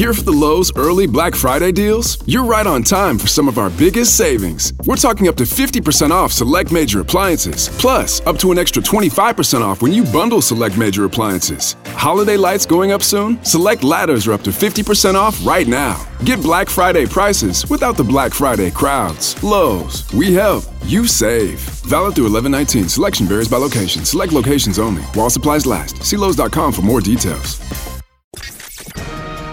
Here for the Lowe's early Black Friday deals? You're right on time for some of our biggest savings. We're talking up to 50% off select major appliances, plus up to an extra 25% off when you bundle select major appliances. Holiday lights going up soon? Select ladders are up to 50% off right now. Get Black Friday prices without the Black Friday crowds. Lowe's, we help, you save. Valid through 1119. Selection varies by location. Select locations only. While supplies last. See Lowe's.com for more details.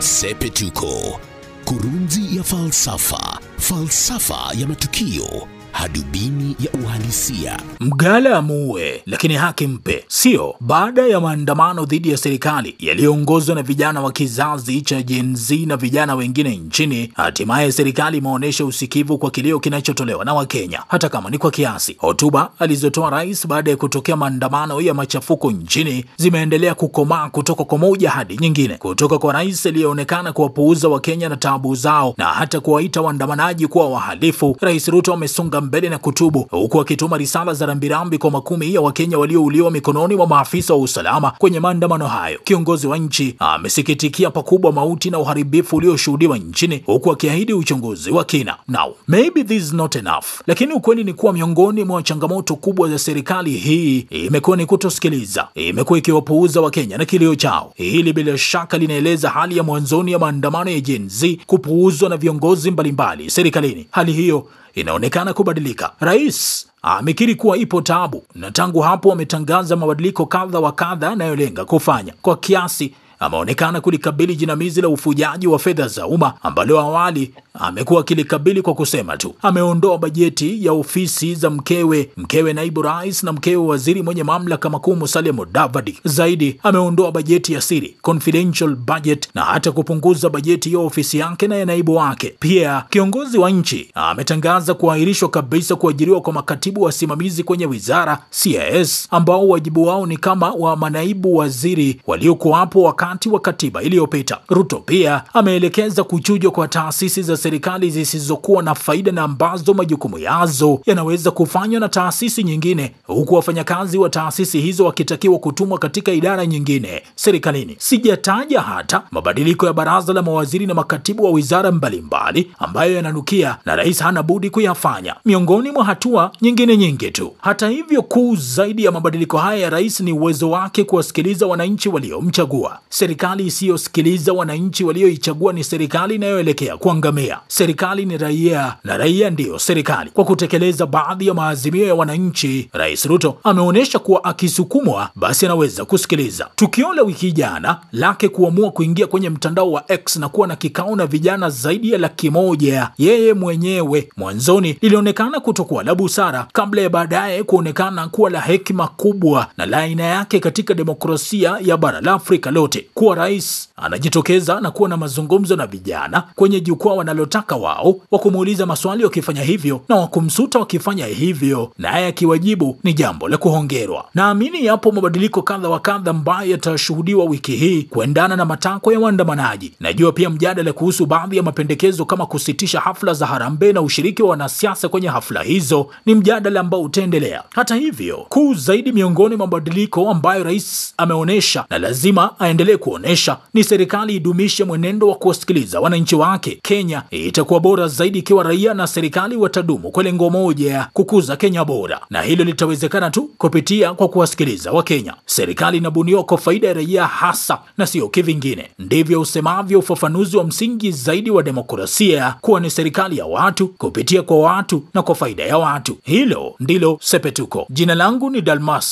Sepetuko, kurunzi ya falsafa, falsafa ya matukio hadubini ya uhalisia. Mgala amuue, lakini haki mpe. Sio baada ya maandamano dhidi ya serikali yaliyoongozwa na vijana wa kizazi cha Gen Z na vijana wengine nchini, hatimaye serikali imeonyesha usikivu kwa kilio kinachotolewa na Wakenya, hata kama ni kwa kiasi. Hotuba alizotoa rais baada ya kutokea maandamano ya machafuko nchini zimeendelea kukomaa kutoka kwa moja hadi nyingine, kutoka kwa rais aliyeonekana kuwapuuza Wakenya na taabu zao na hata kuwaita waandamanaji kuwa wahalifu. Rais Ruto amesonga mbele na kutubu, huku akituma risala za rambirambi kwa makumi ya Wakenya waliouliwa mikononi mwa maafisa wa usalama kwenye maandamano hayo. Kiongozi wa nchi amesikitikia pakubwa mauti na uharibifu ulioshuhudiwa nchini, huku akiahidi uchunguzi wa kina. Now maybe this is not enough, lakini ukweli ni kuwa miongoni mwa changamoto kubwa za serikali hii imekuwa ni kutosikiliza, imekuwa ikiwapuuza Wakenya na kilio chao. Hili bila shaka linaeleza hali ya mwanzoni ya maandamano ya Gen Z kupuuzwa na viongozi mbalimbali serikalini. Hali hiyo inaonekana kubadilika. Rais amekiri kuwa ipo tabu na tangu hapo ametangaza mabadiliko kadha wa kadha anayolenga kufanya kwa kiasi ameonekana kulikabili jinamizi la ufujaji wa fedha za umma ambalo awali amekuwa akilikabili kwa kusema tu ameondoa bajeti ya ofisi za mkewe, mkewe naibu rais na mkewe waziri mwenye mamlaka makuu Musalia Mudavadi. Zaidi ameondoa bajeti ya siri confidential budget, na hata kupunguza bajeti ya ofisi yake na ya naibu wake. Pia kiongozi wa nchi ametangaza kuahirishwa kabisa kuajiriwa kwa makatibu wasimamizi kwenye wizara CIS ambao wajibu wao ni kama wa manaibu waziri waliokuwapo wakati mkakati wa katiba iliyopita. Ruto pia ameelekeza kuchujwa kwa taasisi za serikali zisizokuwa na faida na ambazo majukumu yazo yanaweza kufanywa na taasisi nyingine, huku wafanyakazi wa taasisi hizo wakitakiwa kutumwa katika idara nyingine serikalini. Sijataja hata mabadiliko ya baraza la mawaziri na makatibu wa wizara mbalimbali ambayo yananukia na rais hana budi kuyafanya, miongoni mwa hatua nyingine nyingi tu. Hata hivyo, kuu zaidi ya mabadiliko haya ya rais ni uwezo wake kuwasikiliza wananchi waliomchagua. Serikali isiyosikiliza wananchi walioichagua ni serikali inayoelekea kuangamia. Serikali ni raia na raia ndiyo serikali. Kwa kutekeleza baadhi ya maazimio ya wananchi, Rais Ruto ameonyesha kuwa akisukumwa basi anaweza kusikiliza. Tukio la wiki jana lake kuamua kuingia kwenye mtandao wa X na kuwa na kikao na vijana zaidi ya laki moja yeye mwenyewe, mwanzoni lilionekana kutokuwa la busara kabla ya baadaye kuonekana kuwa la hekima kubwa na la aina yake katika demokrasia ya bara la Afrika lote kuwa rais anajitokeza na kuwa na mazungumzo na vijana kwenye jukwaa wanalotaka wao, wa kumuuliza maswali wakifanya hivyo na wakumsuta wakifanya hivyo, naye akiwajibu ni jambo la kuhongerwa. Naamini yapo mabadiliko kadha wa kadha ambayo yatashuhudiwa wiki hii kuendana na matakwa ya waandamanaji. Najua pia mjadala kuhusu baadhi ya mapendekezo kama kusitisha hafla za harambee na ushiriki wa wanasiasa kwenye hafla hizo ni mjadala ambao utaendelea. Hata hivyo, kuu zaidi miongoni mwa mabadiliko ambayo rais ameonyesha na lazima aendelee ili kuonesha ni serikali idumishe mwenendo wa kuwasikiliza wananchi wake. Kenya itakuwa bora zaidi ikiwa raia na serikali watadumu kwa lengo moja ya kukuza Kenya bora, na hilo litawezekana tu kupitia kwa kuwasikiliza Wakenya. Serikali inabuniwa kwa faida ya raia hasa na sio kivingine. Ndivyo usemavyo ufafanuzi wa msingi zaidi wa demokrasia kuwa ni serikali ya watu kupitia kwa watu na kwa faida ya watu. Hilo ndilo Sepetuko. Jina langu ni Dalmas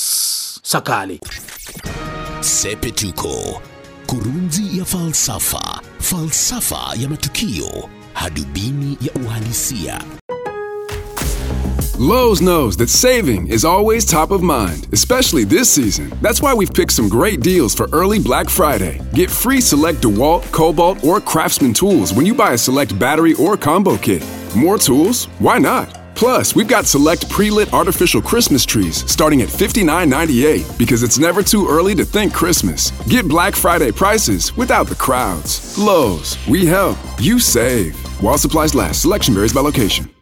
Sakali. Sepetuko. ya falsafa, falsafa ya matukio, hadubini ya uhalisia. Lowe's knows that saving is always top of mind, especially this season. That's why we've picked some great deals for early Black Friday. Get free select DeWalt, Cobalt, or Craftsman tools when you buy a select battery or combo kit. More tools? Why not? Plus, we've got select pre-lit artificial Christmas trees starting at $59.98 because it's never too early to think Christmas. Get Black Friday prices without the crowds. Lowe's, we help, you save. While supplies last, selection varies by location.